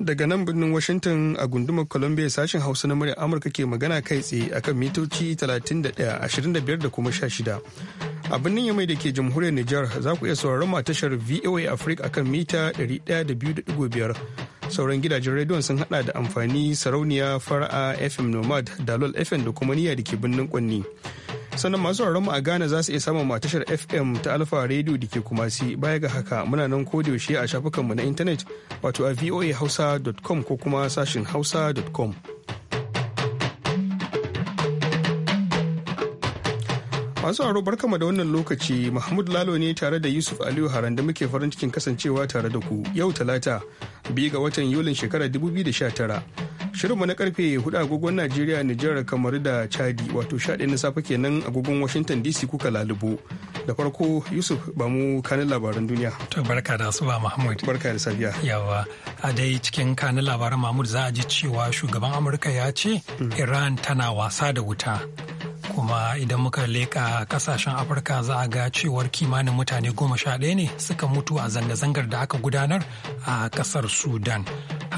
daga nan birnin washington a gundumar columbia sashen hausa na murya amurka ke magana kai tsaye akan mitoci 31 25 da kuma 16 a birnin yamai da ke jamhuriyar nijar za ku iya sauraron ma tashar voa africa akan mita 102.5 sauran gidajen rediyon sun hada da amfani sarauniya fara'a fm nomad dalol fm da kuma niyya da ke birnin kwanni sannan masu mu a Ghana za su iya samun matashar FM ta Alfa Radio da ke Kumasi baya ga haka muna nan ko yaushe a shafukanmu na intanet wato a voahausa.com ko kuma sashin hausa.com. masu haro barkama da wannan lokaci mahmud lalo ne tare da yusuf aliyu haran da muke farin cikin kasancewa tare da ku yau talata biyu ga watan yulin shekarar 2019 Shirinmu na karfe hudu agogon Najeriya, Nijar, kamar da Chadi wato 11 na safe kenan agogon Washington DC kuka lalubo. Da farko Yusuf ba mu kanin labaran duniya. To barka da asuba Mahmud. Barka da safiya. Yawa a dai cikin kanin labaran Mahmud za a ji cewa shugaban Amurka ya ce hmm. Iran tana wasa da wuta. kuma idan muka leƙa kasashen afirka za a ga cewar kimanin mutane goma sha ɗaya ne suka mutu a zanga-zangar da aka gudanar a kasar sudan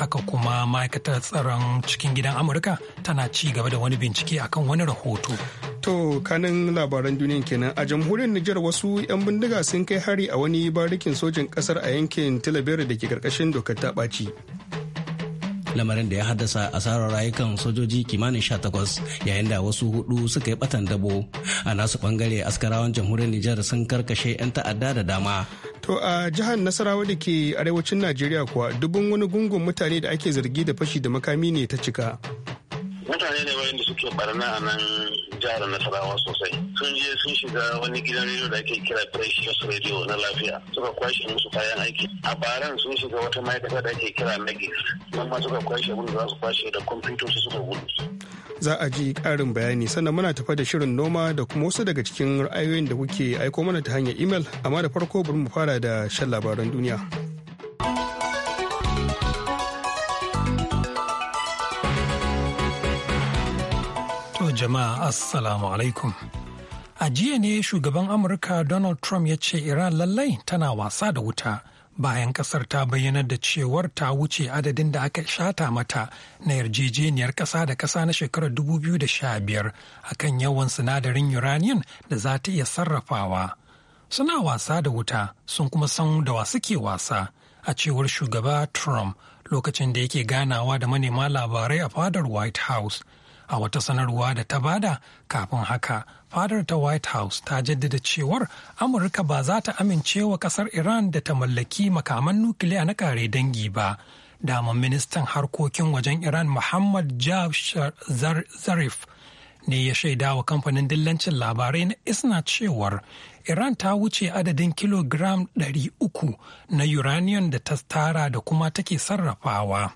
haka kuma ma'aikatar tsaron cikin gidan amurka tana ci gaba da wani bincike akan wani rahoto to kanin labaran duniyan kenan a jamhuriyar nijar wasu 'yan bindiga sun kai hari a wani barikin sojin kasar a yankin tilabera da ke karkashin dokar ta ɓaci lamarin da ya haddasa asarar rayukan sojoji kimanin sha takwas yayin da wasu hudu suka yi batan dabo a nasu bangare askarawan jamhuriyar nijar sun karkashe 'yan ta'adda da dama to a jihar nasarawa da ke arewacin najeriya kuwa dubun wani gungun mutane da ake zargi da fashi da makami ne ta cika mutane ne wayanda suke barna a nan jihar Nasarawa sosai. Sun je sun shiga wani gidan rediyo da ake kira Precious Radio na lafiya suka kwashe musu kayan aiki. A baran sun shiga wata ma'aikata da ake kira Megis. Nan ma suka kwashe wani za su kwashe da kwamfutoci suka gudu. Za a ji ƙarin bayani sannan muna tafa da shirin noma da kuma wasu daga cikin ra'ayoyin da kuke aiko mana ta hanyar imel amma da farko bari mu fara da shan labaran duniya. jama'a assalamu alaikum. A jiya ne shugaban Amurka Donald Trump ya ce Iran lallai tana wasa da wuta bayan kasar ta bayyana da cewar ta wuce adadin da aka shata mata na yarjejeniyar ƙasa da ƙasa na shekarar 2015 a kan yawan sinadarin uranium da za ta iya sarrafawa. Suna wasa da wuta sun kuma san da wa suke wasa a cewar shugaba Trump lokacin da yake ganawa da manema labarai a fadar White House. a wata sanarwa da ta bada kafin haka fadar ta white house ta jaddada cewar amurka ba za ta amince wa kasar iran da ta mallaki makaman nukiliya na kare dangi ba daman ministan harkokin wajen iran muhammad jafshar zarif ne ya shaida wa kamfanin dillancin labarai na isna cewar Iran ta wuce adadin kilogram 300 na uranium da ta tara da kuma take sarrafawa.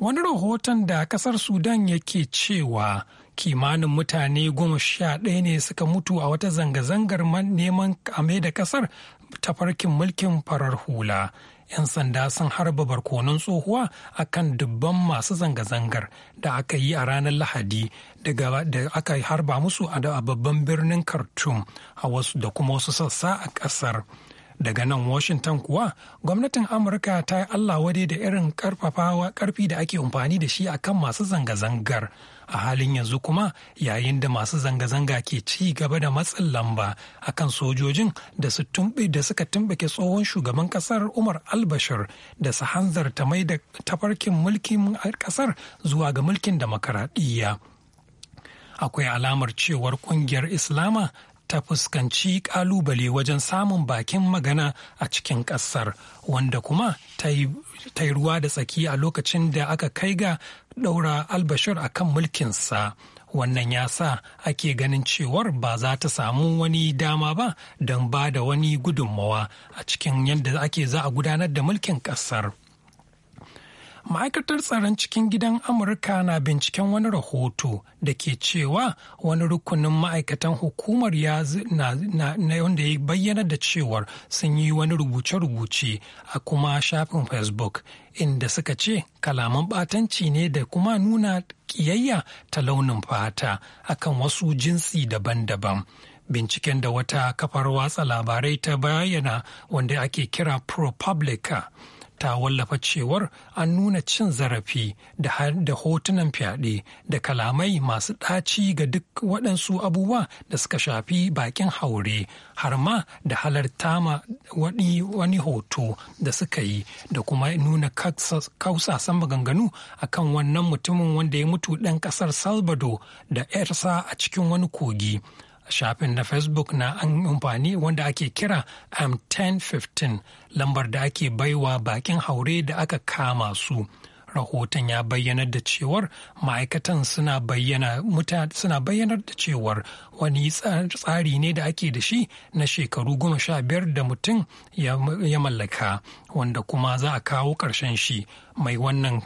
wani rahoton da kasar sudan yake cewa kimanin mutane goma sha ɗaya ne suka mutu a wata zanga-zangar neman kame da kasar farkin mulkin farar hula 'yan sanda sun harba barkonon tsohuwa a kan dubban masu zanga-zangar da aka yi a ranar lahadi da aka harba musu a babban birnin khartoum a wasu da kuma wasu sassa a ƙasar. daga nan washington kuwa gwamnatin amurka ta yi allah wade da irin karfafawa karfi da ake amfani da shi akan masu zanga-zangar a halin yanzu kuma yayin da masu zanga-zanga ke ci gaba da matsin lamba akan sojojin da suka tumbake tsohon shugaban kasar umar albashir da su hanzarta mai da tafarkin mulkin kasar zuwa ga mulkin demokaradiyya. akwai alamar cewar kungiyar islama ta fuskanci ƙalubale wajen samun bakin magana a cikin ƙasar wanda kuma ta yi ruwa da tsaki a lokacin da aka kai ga ɗaura albashir a kan mulkinsa wannan ya sa ake ganin cewar ba za ta samu wani dama ba don ba da wani gudunmawa a cikin yadda ake za a gudanar da mulkin ƙasar. ma'aikatar tsaron cikin gidan amurka na binciken wani rahoto da ke cewa wani rukunin ma'aikatan hukumar ya na wanda ya bayyana da cewar sun yi wani rubuce-rubuce a kuma shafin facebook inda suka ce kalaman batanci ne da kuma nuna kiyayya ta launin fata akan wasu jinsi daban-daban binciken da wata kafar watsa labarai ta bayyana wanda ake kira ProPublica ta wallafa cewar an nuna cin zarafi da hotunan fyaɗe da kalamai masu ɗaci ga duk waɗansu abubuwa da suka shafi bakin haure har ma da halarta ma wani hoto da suka yi da kuma nuna kausasan maganganu kan wannan mutumin wanda ya mutu ɗan ƙasar salvador da 'yarsa a cikin wani kogi shafin na facebook na an amfani wanda ake kira am um, 1015 lambar da ake baiwa bakin haure da aka kama su rahoton ya bayyanar da cewar ma'aikatan suna bayyanar da cewar wani tsari ne da ake da shi na shekaru goma sha biyar da mutum ya mallaka wanda kuma za a kawo ƙarshen shi mai wannan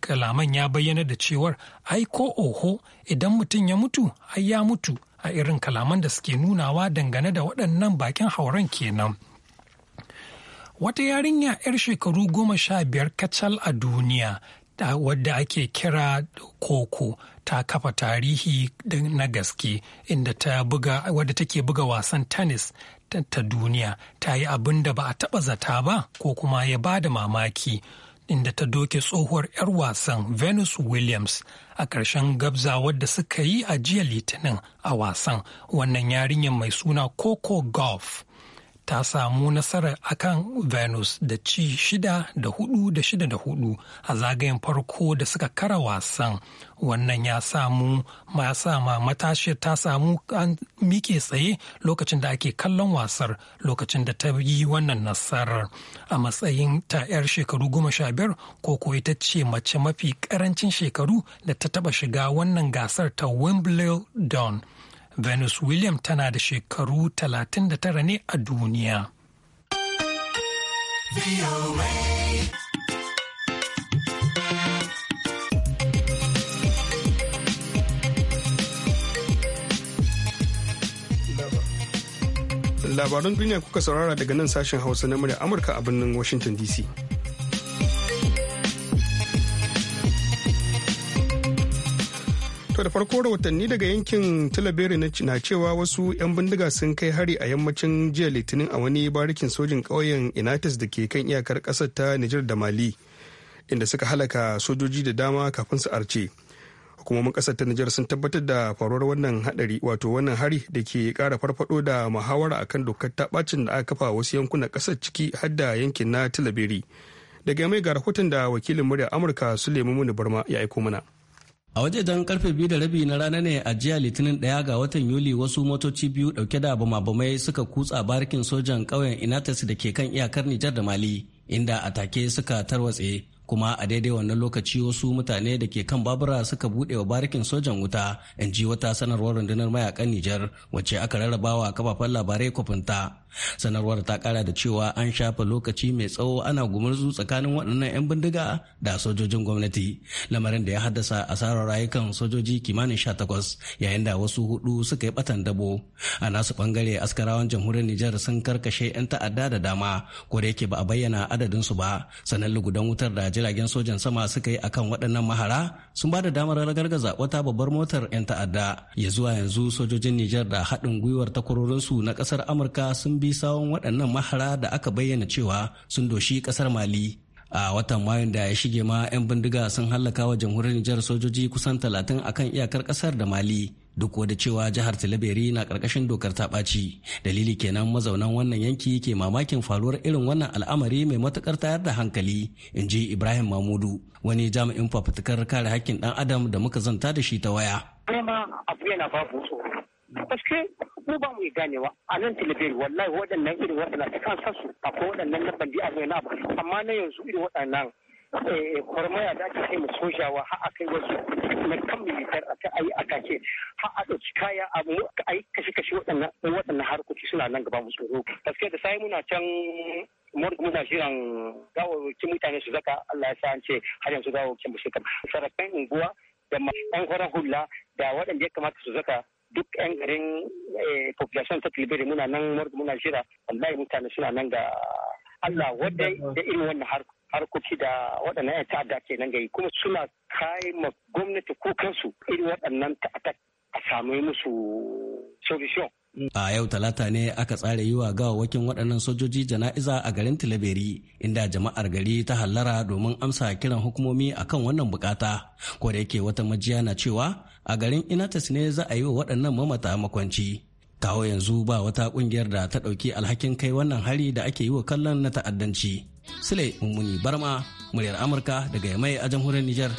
kalaman ya bayyana da cewar ai ko oho idan mutum ya mutu ai ya mutu a irin kalaman da suke nunawa dangane da waɗannan bakin hauren kenan. Wata yarinya 'yar shekaru goma sha biyar kacal a duniya wadda ake kira koko ta kafa tarihi na gaske inda ta buga wadda take buga wasan tennis ta duniya ta yi abin da ba a taɓa zata ba ko kuma ya ba da mamaki inda ta doke tsohuwar 'yar wasan Venus Williams a ƙarshen gabzawar da suka yi a jiya Litinin a wasan wannan yarinyar mai suna Coco Golf. ta samu nasarar kan Venus da ci shida da hudu da shida da hudu a zagayen farko da suka kara wasan. Wannan ya samu ma sama matashi ta samu an mike tsaye lokacin da ake kallon wasar lokacin da ta yi wannan nasarar. A matsayin ta 'yar shekaru goma sha biyar ko ko ita ce mace mafi karancin shekaru da ta taba shiga wannan gasar ta Wimbledon. venus william tana da shekaru 39 ne a duniya labarun duniya kuka saurara daga nan sashen hausa na murya amurka a birnin washington dc To da farko rahotanni daga yankin Tilaberi na cewa wasu 'yan bindiga sun kai hari a yammacin jiya Litinin a wani barikin sojin ƙauyen Inatis da ke kan iyakar ƙasar ta Nijar da Mali, inda suka halaka sojoji da dama kafin su arce. Hukumomin ƙasar ta Nijar sun tabbatar da faruwar wannan haɗari wato wannan hari da ke kara farfaɗo da muhawara akan dokar ta ɓacin da aka kafa wasu yankunan ƙasar ciki har da yankin na Tilaberi. Daga mai ga rahoton da wakilin murya Amurka Suleiman Muni Barma ya aiko mana. A waje don karfe biyu da rabi na rana ne a jiya litinin daya ga watan Yuli wasu motoci biyu dauke da bama-bamai suka kutsa barikin sojan ƙauyen Inatas da ke kan iyakar Nijar da Mali inda a take suka tarwatse kuma a daidai wannan lokaci wasu mutane da ke kan babura suka buɗe wa barikin sojan wuta in ji wata sanarwar rundunar mayakan Nijar wacce aka rarrabawa kafafen labarai kwafinta. sanarwar ta kara da cewa an shafa lokaci mai tsawo ana gumurzu tsakanin waɗannan 'yan bindiga da sojojin gwamnati lamarin da ya haddasa asarar rayukan sojoji kimanin sha 18 yayin da wasu hudu suka yi batan dabo a nasu bangare askarawan jamhuriyar nijar sun karkashe 'yan ta'adda da dama ko da yake ba a bayyana adadin su ba sanan lugudan wutar da jiragen sojan sama suka yi akan waɗannan mahara sun ba da damar ragargaza wata babbar motar 'yan ta'adda ya zuwa yanzu sojojin nijar da haɗin gwiwar takwarorinsu na ƙasar amurka sun bi sawon waɗannan mahara da aka bayyana cewa sun doshi ƙasar mali a watan mayun da ya shige ma 'yan bindiga sun hallaka wa jamhuriyar nijar sojoji kusan talatin akan iyakar ƙasar da mali duk da cewa jihar talabiri na ƙarƙashin dokar ta ɓaci dalili kenan mazaunan wannan yanki ke mamakin faruwar irin wannan al'amari mai matuƙar tayar da hankali in ji ibrahim mamudu wani jami'in fafutukar kare hakkin ɗan adam da muka zanta da shi ta waya. Paske mu ba mu gane ba a nan talibiri wallahi waɗannan irin waɗannan su kan A ko waɗannan na bandi a na ba amma na yanzu irin waɗannan eh, kwarmaya da ake kai mu sojawa har a kai wasu na kan militar a kai ayi atake har a ɗauki kaya a ayi kashe-kashe waɗannan waɗannan harkoki suna nan gaba mu tsoro Parce da sai muna can morgue muna shirin gawarwakin mutane su zaka Allah ya sa an ce har yanzu gawarwakin mu shekaru sarakan unguwa da 'yan kwarar hula da waɗanda ya kamata su zaka duk yan garin eh, population ta tilbiri muna nan muna jira wallahi mutane suna nan ga Allah wadda da irin wannan harkoki da waɗannan yan ta'adda ke nan gari kuma suna kai ma gwamnati kansu irin waɗannan ta'adda a samu musu solution A yau talata ne aka tsara yi wa gawawakin waɗannan sojoji jana'iza a garin Tilaberi inda jama'ar gari ta hallara domin amsa kiran hukumomi akan wannan bukata. Ko da yake wata majiya na cewa a garin Inatas ne za a yi wa waɗannan mamata makwanci. Kawo yanzu ba wata ƙungiyar da ta ɗauki alhakin kai wannan hari da ake yi wa kallon na ta'addanci. Sule Mummuni Barma, muryar Amurka daga Yamai a jamhuriyar Nijar.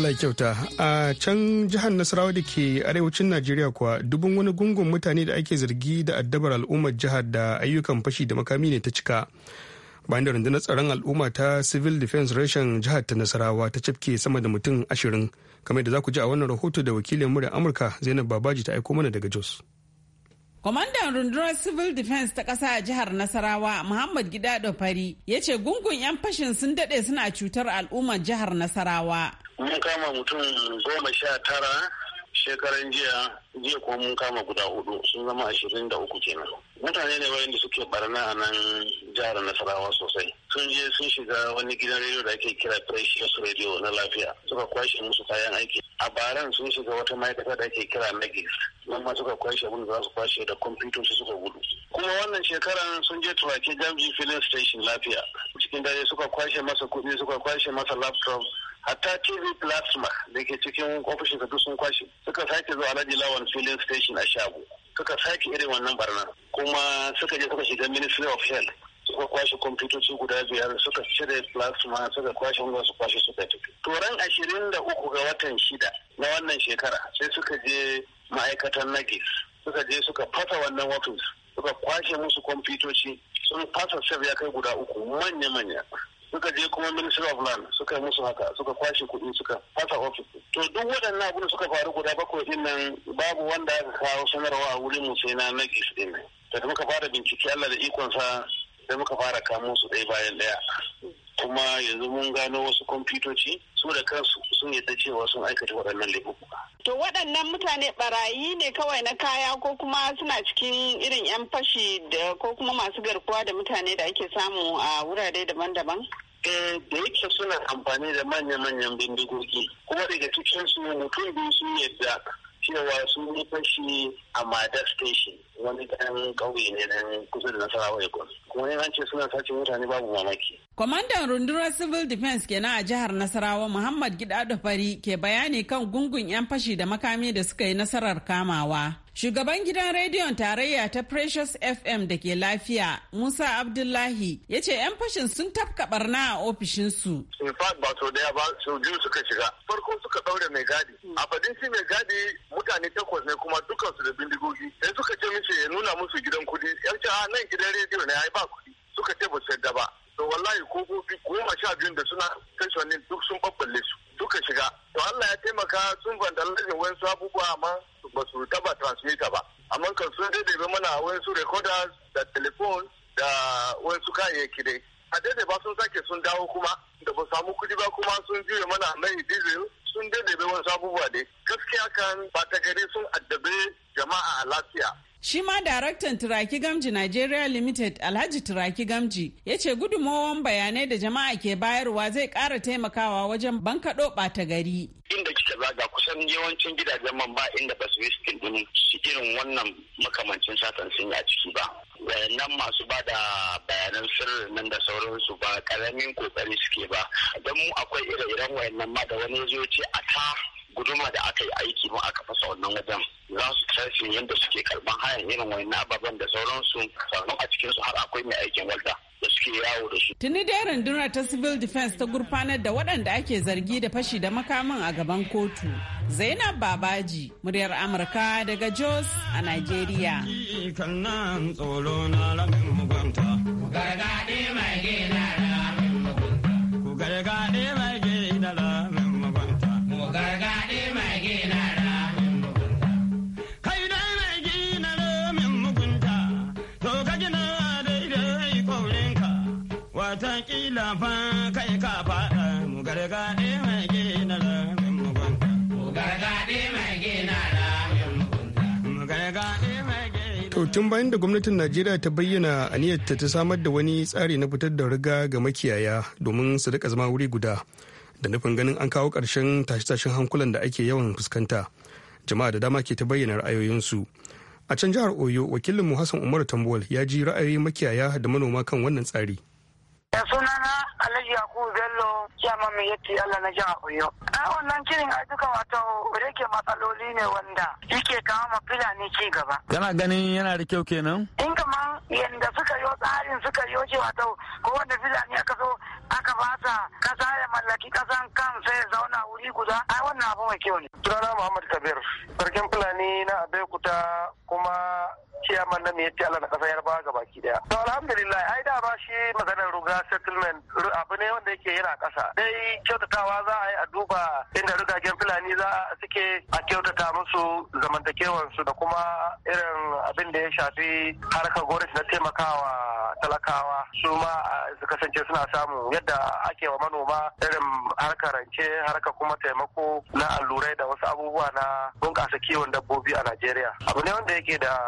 Allah kyauta a can jihar Nasarawa da ke arewacin Najeriya kuwa dubun wani gungun mutane da ake zargi da addabar al'ummar jihar da ayyukan fashi da makami ne ta cika. Bayan da rundunar tsaron al'umma ta Civil Defense Reshen jihar ta Nasarawa ta cafke sama da mutum ashirin kamar da za ku ji a wannan rahoto da wakilin murya Amurka Zainab Babaji ta aiko mana daga Jos. Kwamandan rundunar Civil Defense ta ƙasa a jihar Nasarawa, Muhammad Gidado Fari, ya ce gungun 'yan fashin sun daɗe suna cutar al'ummar jihar Nasarawa. mun kama mutum goma sha tara shekaran jiya jiya kuma mun kama guda hudu sun zama ashirin da uku kenan mutane ne wayanda suke barna a nan jihar nasarawa sosai sun je sun shiga wani gidan rediyo da ake kira precious radio na lafiya suka kwashe musu kayan aiki a baran sun shiga wata ma'aikata da ake kira megis nan ma suka kwashe abin za su kwashe da su suka gudu kuma wannan shekaran sun je turake jamji filin station lafiya cikin dare suka kwashe masa kuɗi suka kwashe masa laptop hatta tv plasma da ke cikin ofishin ka sun kwashe suka sake zuwa alhaji lawan filin station a shago suka sake irin wannan barna kuma suka je suka shiga ministry of health suka kwashe kwamfutoci guda biyar suka cire plasma suka kwashe wanda su kwashe suka tafi turan ashirin da uku ga watan shida na wannan shekara sai suka je ma'aikatan nagis e suka je suka fasa wannan wafin suka kwashe musu kwamfutoci sun fasa sef ya kai guda uku manya-manya suka je kuma ministry of land suka yi musu haka suka kwashe kuɗi suka fasa ofis to duk waɗannan abin suka faru guda bakwai din nan babu wanda aka kawo sanarwa a wurin mu sai na nagis din nan da muka fara bincike Allah da ikonsa sai muka fara kamo su ɗaya bayan ɗaya kuma yanzu mun gano wasu kwamfutoci su da kansu sun yadda cewa sun aikata waɗannan laifuka. To waɗannan mutane barayi ne kawai na kaya ko kuma suna cikin irin 'yan fashi da ko kuma masu garkuwa da mutane da ake samu a wurare daban-daban? Eh, da yake suna amfani da manya-manyan bindigogi kuma daga cikin su mutum biyu sun yadda cewa sun yi fashi a madar station wani ɗan ƙauye ne ɗan kusa da nasarawa ikon kuma ne ce suna sace mutane babu mamaki. kwamandan rundunar civil defense kenan a jihar nasarawa muhammad gidado fari ke bayani kan gungun 'yan fashi da makami da suka yi nasarar kamawa Shugaban gidan rediyon tarayya ta Precious FM da ke lafiya, Musa Abdullahi, ya ce 'yan fashin sun tafka barna a ofishinsu. In fact ba so daya ba, so biyu suka shiga. Farko suka ɗaure mai gadi. A fadin shi mai gadi mutane takwas ne kuma dukansu da bindigogi. Sai suka ce mishi ce ya nuna musu gidan kudi ya ce a ah, nan gidan rediyo ne ai ba kudi suka ce ba su yadda ba to wallahi ko goma sha biyun da suna tashan ne duk sun babballe su duka shiga to Allah ya taimaka sun vandalizin su abubuwa amma ba su taba transmitter ba amma kan sun daidaibe mana su recorders da telephone da wani su kayayyaki dai a daidai ba sun sake sun dawo kuma da ba samu kudi ba kuma sun juya mana mai diesel sun daidaibe wani abubuwa dai gaskiya kan ba ta gari sun addabe jama'a a lafiya Shi ma daraktan Turaki Gamji Nigeria Limited Alhaji Turaki Gamji ya ce gudunmowar bayanai da jama'a ke bayarwa zai kara taimakawa wajen bankaɗo ɓata gari. Inda kika zaga kusan yawancin gidajen man inda ba su yi sikin irin wannan makamancin satan sun yi a ciki ba. wayannan masu ba da bayanan sirrin nan da sauransu ba karamin kokari suke ba don mu akwai ire-iren wayannan ma da wani ya zo ce a ta guduma da aka yi aiki mu aka fasa wannan wajen za su tashi yadda suke karban hayan irin wani ababen da sauransu sannan a cikin su har akwai mai aikin walda da suke yawo da su. Tuni dai rundunar ta civil defense ta gurfanar da waɗanda ake zargi da fashi da makaman a gaban kotu. Zainab Babaji, muryar Amurka daga Jos a nigeria. Gargaɗi mai gina To tun bayan da gwamnatin Najeriya ta bayyana a aniyarta ta samar da wani tsari na fitar da riga ga makiyaya domin su rika zama wuri guda da nufin ganin an kawo ƙarshen tashe-tashen hankulan da ake yawan fuskanta. Jama'a da dama ke ta bayyana ra'ayoyinsu. A can jihar Oyo, wakilinmu Hassan Umar Tambol ya ji ra'ayoyin makiyaya da manoma kan wannan tsari. da sunana alhaji yakubu bello chairman mai yatti allah na jiha koyo. a wannan kirin ayyuka wata rage matsaloli ne wanda yake kawo ma fulani ci gaba kana ganin yana da kyau kenan in kama yanda suka yo tsarin suka yo ce wato ko wanda fulani aka zo aka bata kasa ya mallaki kasan kan sai zauna wuri guda a wannan abu mai kyau ne sunana muhammad kabir sarkin fulani na abeokuta kuma ciyaman na mai Allah na kasa ba ga baki daya to alhamdulillah ai da ba shi maganar ruga settlement abu ne wanda yake yana kasa dai kyautatawa za a yi a duba inda rugagen fulani za suke a kyautata musu zamantakewansu da kuma irin abin da ya shafi harkar gwamnati na taimakawa talakawa su ma su kasance suna samu yadda ake wa manoma irin harkar rance harkar kuma taimako na allurai da wasu abubuwa na bunƙasa kiwon dabbobi a Najeriya abu ne wanda yake da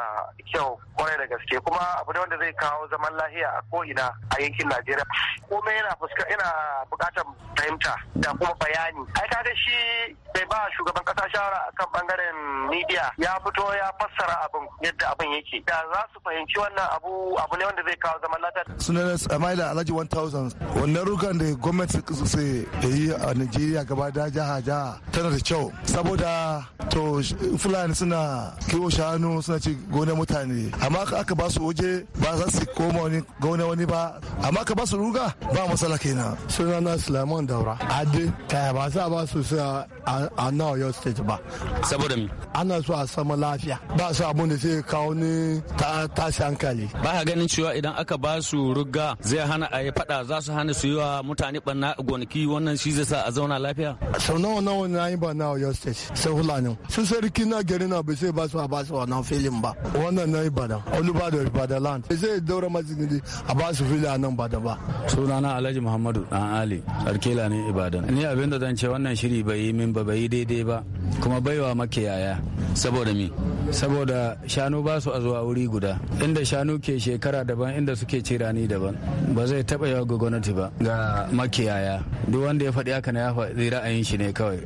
kyau kwarai da gaske kuma abu ne wanda zai kawo zaman lahiya a ko'ina a yankin Najeriya komai yana fuska yana buƙatar fahimta da kuma bayani ai kaga shi bai ba shugaban kasa shawara kan bangaren media ya fito ya fassara abin yadda abin yake da za su fahimci wannan abu abu ne wanda zai kawo zaman lafiya sunan samaila alhaji 1000 wannan rukan da gwamnati sai da yi a nigeria gaba da jaha jaha tana da kyau saboda to fulani suna kiwo shanu suna ci gonar mutane amma aka ba su waje ba za su koma wani gonar wani ba amma ka ba su ruga ba masala kenan sunana sulaiman daura adi ta ba sa ba su sa a nawa yau state ba saboda mi ana so a sama lafiya ba su abun da zai kawo ni ta tashi hankali ba ka ganin cewa idan aka ba su rugga zai hana a yi fada za su hana su yi wa mutane barna gonaki wannan shi zai sa a zauna lafiya sau nawa nawa na yi ba nawa yau state sai fulani su sarki na gari na ba sai ba su a ba su wannan filin ba wannan na yi bada olubado bada land bai sai daura mazigidi a ba su fili a nan da ba sunana alhaji muhammadu dan ali arkela ne ibadan ni abin da zan ce wannan shiri bai yi min ba bai yi daidai ba kuma baiwa makiyaya saboda me saboda shanu ba su a zuwa wuri guda inda shanu ke shekara daban inda suke ci rani daban ba zai taba yawa ga gwamnati ba ga makiyaya duk wanda ya faɗi haka na ya faɗi ra'ayin shi ne kawai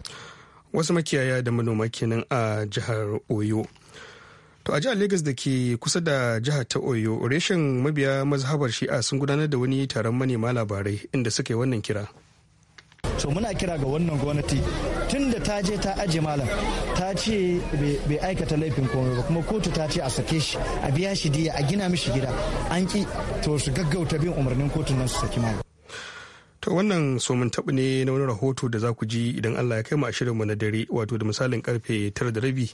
wasu makiyaya da manoma kenan a jihar oyo to a jihar lagos da ke kusa da jihar ta oyo reshen mabiya mazhabar shi'a sun gudanar da wani taron manema labarai inda suke wannan kira so muna kira ga wannan gwamnati tun ta je ta aje malam ta ce bai aikata laifin komai ba kuma kotu ta ce a sake shi a biya shi diya a gina mishi gida an ki to su gaggauta bin umarnin kotun nan su saki malam To wannan mun tabu ne na wani rahoto da za ku ji idan Allah ya kai mu a shirinmu na dare wato da misalin karfe tara da rabi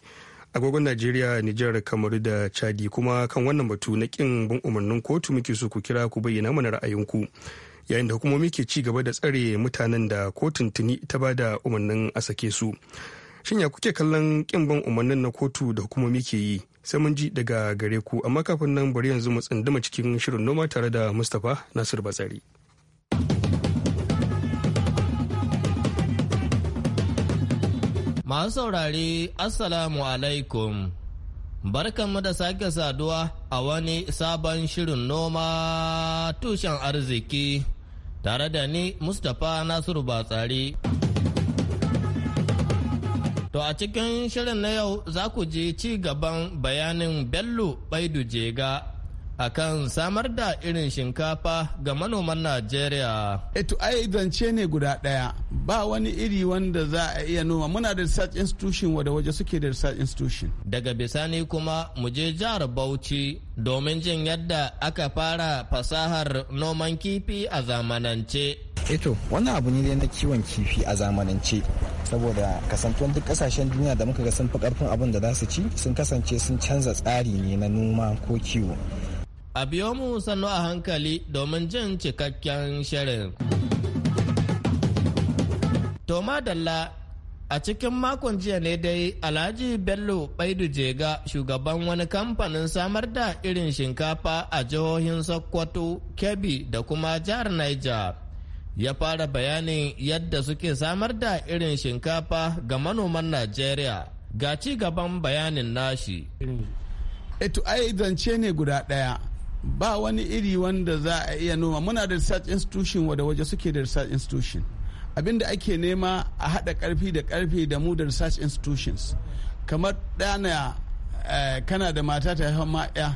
agogon Najeriya, Nijar, Kamaru da Chadi kuma kan wannan batu na kin bin umarnin kotu muke so ku kira ku bayyana mana ra'ayinku. ku. yayin da hukumomi ke ci gaba da tsare mutanen da kotun tuni ta ba da umarnin a sake su shin ya kuke kallon kin ban umarnin na kotu da hukumomi ke yi sai mun ji daga gare ku amma kafin nan bari yanzu mu tsunduma cikin shirin noma tare da mustapha nasir batsari masu saurare assalamu alaikum Barkanmu da sake saduwa a wani sabon shirin noma tushen arziki tare da ni Mustapha Nasiru Batsari. To a cikin shirin na yau za ku ji ci gaban bayanin Bello Baidu Jega akan samar da irin shinkafa ga manoman Najeriya. Eto ai zance ne guda ɗaya ba wani iri wanda za a iya noma muna da research institution wada waje suke da research institution. Daga bisani kuma muje jihar Bauchi domin jin yadda aka fara fasahar noman kifi a zamanance. Eto wannan abu ne dai na kiwon kifi a zamanance saboda kasantuwan duk kasashen duniya da muka ga sun fi karfin abin da za su ci sun kasance sun canza tsari ne na noma ko kiwo. A biyo mu sannu a hankali domin jin cikakken shirin. Toma Dalla a cikin makon jiya ne dai Alhaji Bello Baidu Jega shugaban wani kamfanin samar da irin shinkafa a jihohin Sokoto, Kebbi da kuma jihar Niger. ya fara bayanin yadda suke samar da irin shinkafa ga manoman Najeriya. Ga ci gaban bayanin nashi. Eto ai zance ne guda ɗaya. ba wani iri wanda za a iya noma muna da research institution wada waje suke da research institution abinda ake nema a haɗa ƙarfi da ƙarfi da mu da research institutions kamar ɗana eh, kana da mata ta haifan ma'ya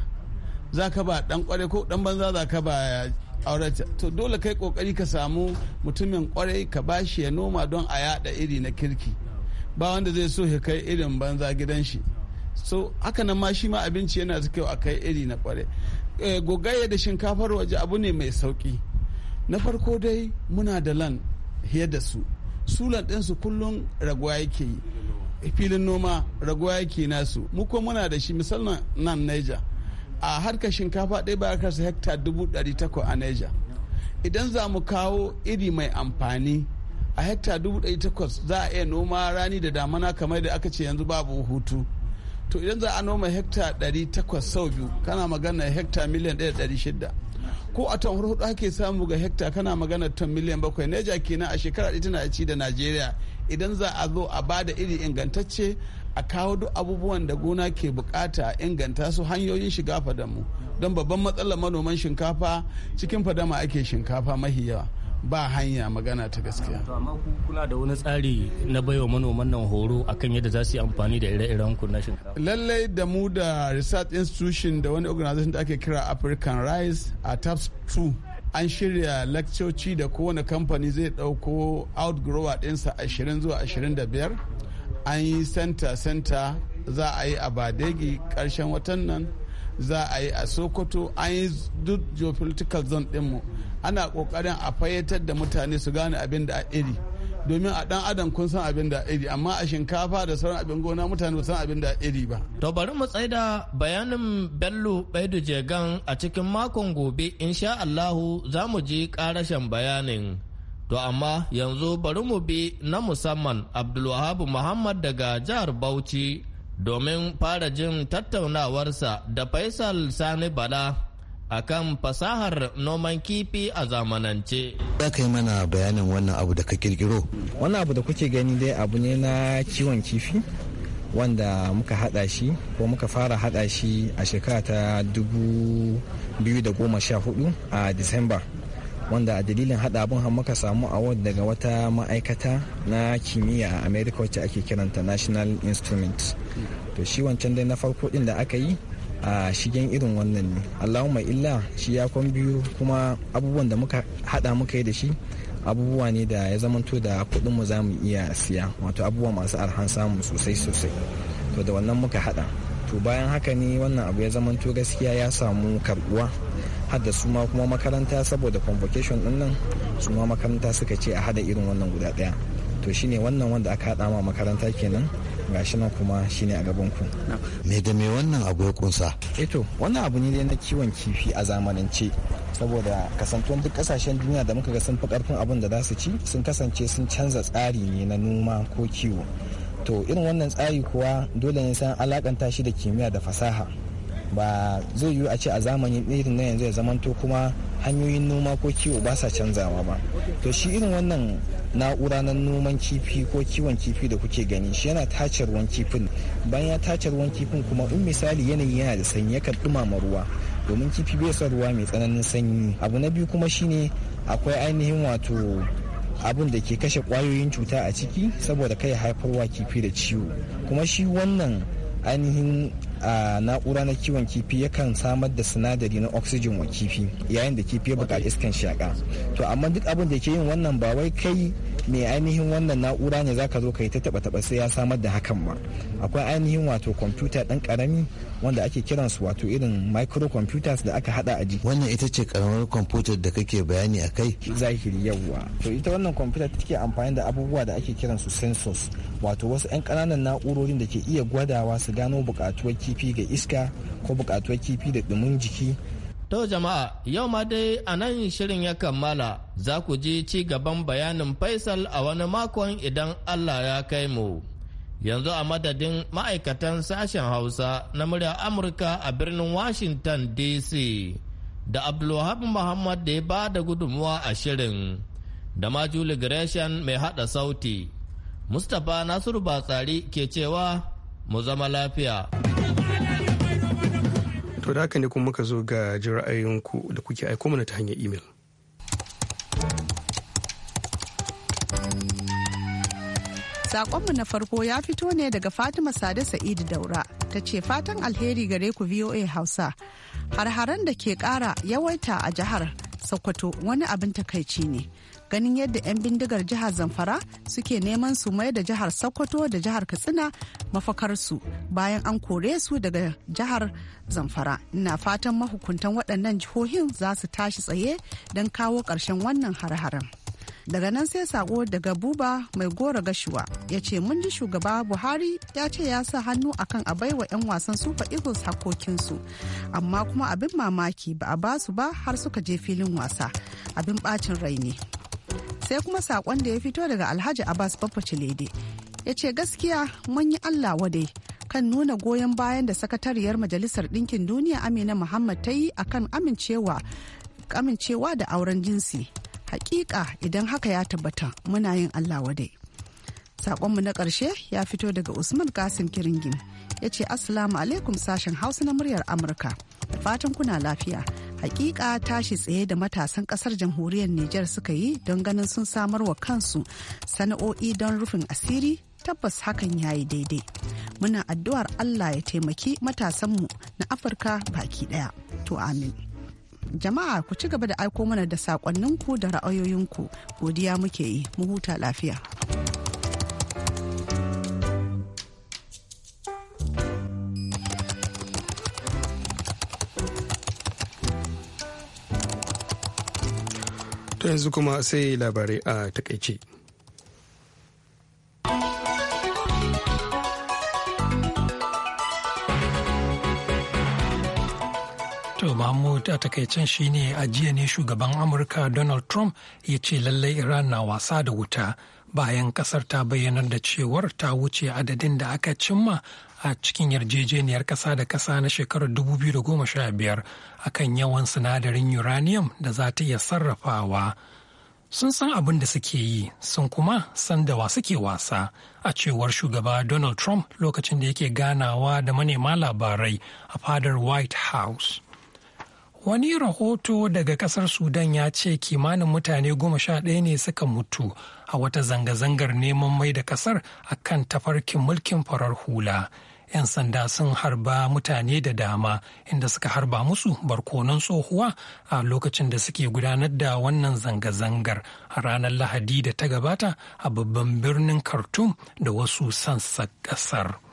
za ka ba ɗan ƙwarai ko ɗan banza za ka ba aurata to dole kai ƙoƙari ka samu mutumin ƙwarai ka ba shi ya noma don a yaɗa iri na kirki ba wanda zai so ya kai irin banza gidan shi so haka nan ma shi ma abinci yana da kyau a kai iri na ƙwarai Eh, gogayya da shinkafar waje abu ne mai sauki na farko dai muna da lan fiye da su sulan ɗinsu kullum raguwa yake yi filin noma raguwa yake nasu mu muna da shi misalin nan naija. a harkar shinkafa ɗaya ba karsa hekta dubu ɗari takwa a naija idan za mu kawo iri mai amfani a hekta dubu ɗari takwas za a iya noma rani da damana kamar da aka ce yanzu babu hutu to idan za a noma hekta 800 sau biyu kana magana hekta miliyan 1,600 ko a tan hudu ake samu ga hekta kana magana tan miliyan bakwai neja kenan a shekara ɗaya tana ci da najeriya idan za a zo a bada iri ingantacce a kawo duk abubuwan da gona ke bukata inganta su hanyoyin shiga fadamu don babban matsalar manoman shinkafa cikin fadama ake shinkafa mahi yawa ba hanya magana ta gaskiya to amma ku kula da wani tsari na baiwa manoman nan horo akan yadda za su yi amfani da ire-iren ku na shinkafa lallai da mu da research institution da wani organization da ake kira African Rice a uh, TAPS 2 an shirya lakcoci da kowane kamfani zai dauko outgrower ɗinsa 20 zuwa 25 an yi center center za a yi a badegi karshen watan nan za a yi a sokoto an yi duk geopolitical zone dinmu ana kokarin a fayyatar da mutane su gane abin da a iri domin a dan adam kun san abin da iri amma a shinkafa da sauran abin gona mutane san abin da iri ba. To bari mu tsaida bayanin Bello Baidu Jegan a cikin makon gobe insha Allahu za mu ji karashen bayanin. To amma yanzu bari mu bi na musamman wahab Muhammad daga jihar Bauchi domin fara jin tattaunawarsa da Faisal Sani Bala akan fasahar noman kifi a zamanance. Za ka yi mana bayanin wannan abu da ka kirkiro? Wannan abu da kuke gani dai abu ne na kiwon kifi wanda muka haɗa shi ko muka fara haɗa shi a shekara ta 2014 a Disamba. wanda a dalilin haɗa abin har muka samu award daga wata ma'aikata na kimiyya a america wacce ake kiranta national instrument to shi wancan dai na farko din da aka yi a shigen irin wannan ne allahumma illa shi ya kwan biyu kuma abubuwan da muka hada muka yi da shi abubuwa ne da ya zamanto da kuɗin mu za mu iya siya wato abubuwa masu arhan samu sosai sosai to da wannan muka hada to bayan haka ne wannan abu ya zamanto gaskiya ya samu karbuwa har da su ma kuma makaranta saboda convocation din nan su ma makaranta suka ce a hada irin wannan guda daya to shine wannan wanda aka hada ma makaranta kenan gashi nan kuma shine a gaban ku me da me wannan abu ya kunsa eto wannan abu ne na kiwon kifi a zamanance saboda kasantuwan duk kasashen duniya da muka ga sun fi karfin abin da za su ci sun kasance sun canza tsari ne na noma ko kiwo to irin wannan tsari kuwa dole ne san alakanta shi da kimiyya da fasaha ba zai yiwu a ce a zamanin irin na yanzu ya zamanto kuma hanyoyin noma ko kiwo ba sa canzawa ba to shi irin wannan na'ura na noman kifi ko kiwon kifi da kuke gani shi yana tace ruwan kifin bayan ya tace ruwan kifin kuma in misali yanayi yana da sanyi ya yakan dumama ruwa domin kifi bai son ruwa mai tsananin sanyi abu na biyu kuma shine akwai ainihin wato abun da ke kashe kwayoyin cuta a ciki saboda kai haifarwa kifi da ciwo kuma shi wannan ainihin a na'ura na kiwon kifi yakan samar da sinadari na oxygen wa kifi yayin da kifi ya buƙaci iskan shaƙa to amma duk abin da ke yin wannan ba wai kai me ainihin wannan na'ura ne zaka zo ka yi ta taba taba sai ya samar da hakan ba akwai ainihin wato kwamfuta dan karami wanda ake kiran su wato irin micro da aka hada a jiki wannan ita ce karamar kwamfutar da kake bayani a kai zahiri yawwa to ita wannan kwamfuta take amfani da abubuwa da ake kiran su sensors wato wasu yan kananan na'urorin da ke iya gwadawa su gano bukatuwar kifi ga iska ko bukatuwar kifi da dumin jiki to jama'a yau ma dai anan shirin ya kammala za ku ji ci gaban bayanin Faisal a wani makon idan Allah ya kai mu. Yanzu a madadin ma'aikatan sashen Hausa na murya Amurka a birnin Washington DC da Abdulwahab Muhammad da ya ba da gudunmuwa a shirin da ma Julie Gresham mai hada sauti. Mustapha Nasiru Batsari ke cewa mu zama lafiya. To da haka ne kuma muka zo ga ji ra'ayinku da kuke aiko mana ta hanyar imel. Sakonmu na farko ya fito ne daga Fatima Sade Sa'idu Daura ta ce fatan alheri gare ku VOA Hausa. har da ke kara yawaita a jihar Sokoto wani abin takaici ne. Ganin yadda 'yan bindigar jihar Zamfara suke neman su mai da jihar Sokoto da jihar Katsina mafakarsu bayan an kore su daga jihar Zamfara. Ina fatan mahukuntan waɗannan jihohin za su tashi tsaye don kawo ƙarshen wannan har-haren. daga nan sai sako daga buba mai gora gashuwa ya ce mun ji shugaba buhari ya ce ya sa hannu akan a baiwa 'yan wasan sufa eagles hakokinsu amma kuma abin mamaki ba a ba su ba har suka je filin wasa abin bacin rai ne sai kuma sakon da ya fito daga alhaji abbas lede ya ce gaskiya mun yi allah wadai kan nuna goyon bayan da sakatariyar majalisar ɗinkin duniya amina muhammad ta yi akan amincewa da auren jinsi hakika idan haka ya tabbata muna yin allah wadai sakonmu na ƙarshe ya fito daga usman kasim kiringin ya ce assalamu alaikum sashen hausa na muryar amurka da fatan kuna lafiya hakika tashi tsaye da matasan ƙasar jamhuriyar nijar suka yi don ganin sun samar wa kansu sana'o'i don rufin asiri tabbas hakan ya yi daidai muna addu'ar allah ya taimaki matasanmu na afirka baki ɗaya to amin jama'a ku ci gaba da aiko mana da sakonninku da ra'ayoyinku godiya muke yi mu huta lafiya yanzu kuma sai labarai a takaice. Report a takaicen shine a jiya ne shugaban Amurka Donald Trump ya ce lallai Iran na wasa da wuta bayan kasar ta bayyanar da cewar ta wuce adadin da aka cimma a cikin yarjejeniyar ƙasa da ƙasa na shekarar 2015 akan yawan sinadarin uranium da za ta iya sarrafawa. sun san abin da suke yi sun kuma san da wa suke wasa a cewar shugaba donald trump lokacin da yake ganawa da manema labarai a fadar white house Wani rahoto daga kasar Sudan ya ce kimanin mutane goma sha ɗaya ne suka mutu a wata zanga-zangar neman mai da kasar a kan tafarkin mulkin farar hula. 'Yan sanda sun harba mutane da dama inda suka harba musu barkonon tsohuwa a lokacin da suke gudanar da wannan zanga-zangar a ranar Lahadi da ta gabata a babban birnin Khartoum da wasu sansa ƙasar.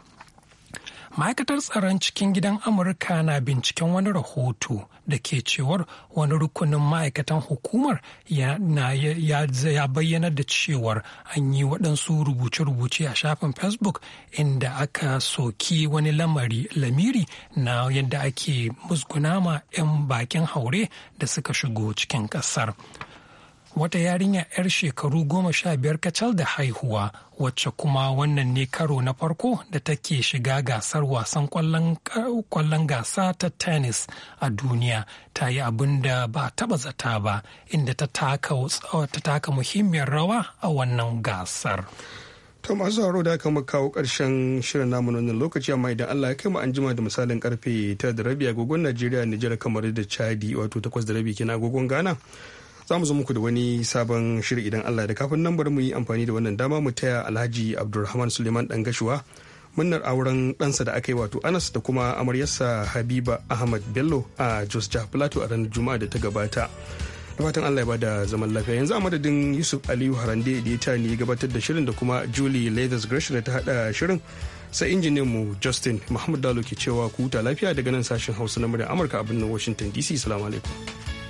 ma'aikatar tsaron cikin gidan amurka na binciken wani rahoto da ke cewar wani rukunin ma'aikatan hukumar ya, bayyana da cewar an yi waɗansu rubuce-rubuce a shafin facebook inda aka soki wani lamari lamiri na yadda ake musgunama 'yan bakin haure da suka shigo cikin ƙasar. wata yarinya 'yar shekaru goma sha biyar kacal da haihuwa wacce kuma wannan ne karo na farko da take shiga gasar wasan kwallon gasa ta tennis a duniya ta yi abin da ba taba zata ba inda ta taka muhimmiyar rawa a wannan gasar. To masu sauraro da aka kawo karshen shirin namu wannan lokaci amma idan Allah ya kai mu an jima da misalin karfe 9 da rabi agogon Najeriya Nijar kamar da Chadi wato 8 da rabi kenan agogon Ghana za mu zo muku da wani sabon shiri idan allah da kafin nan bari mu yi amfani da wannan dama mu taya alhaji abdulrahman suleiman dan gashuwa munnar auren dansa da aka yi wato anas da kuma amaryarsa habiba ahmad bello a jos Jah plateau a ranar juma'a da ta gabata da fatan allah ya bada zaman lafiya yanzu a madadin yusuf aliyu harande da ya ta ni gabatar da shirin da kuma julie leathers gresham da ta hada shirin sai injiniyan mu justin muhammad dalo ke cewa ku huta lafiya daga nan sashen hausa na murya amurka a birnin washington dc salamu alaikum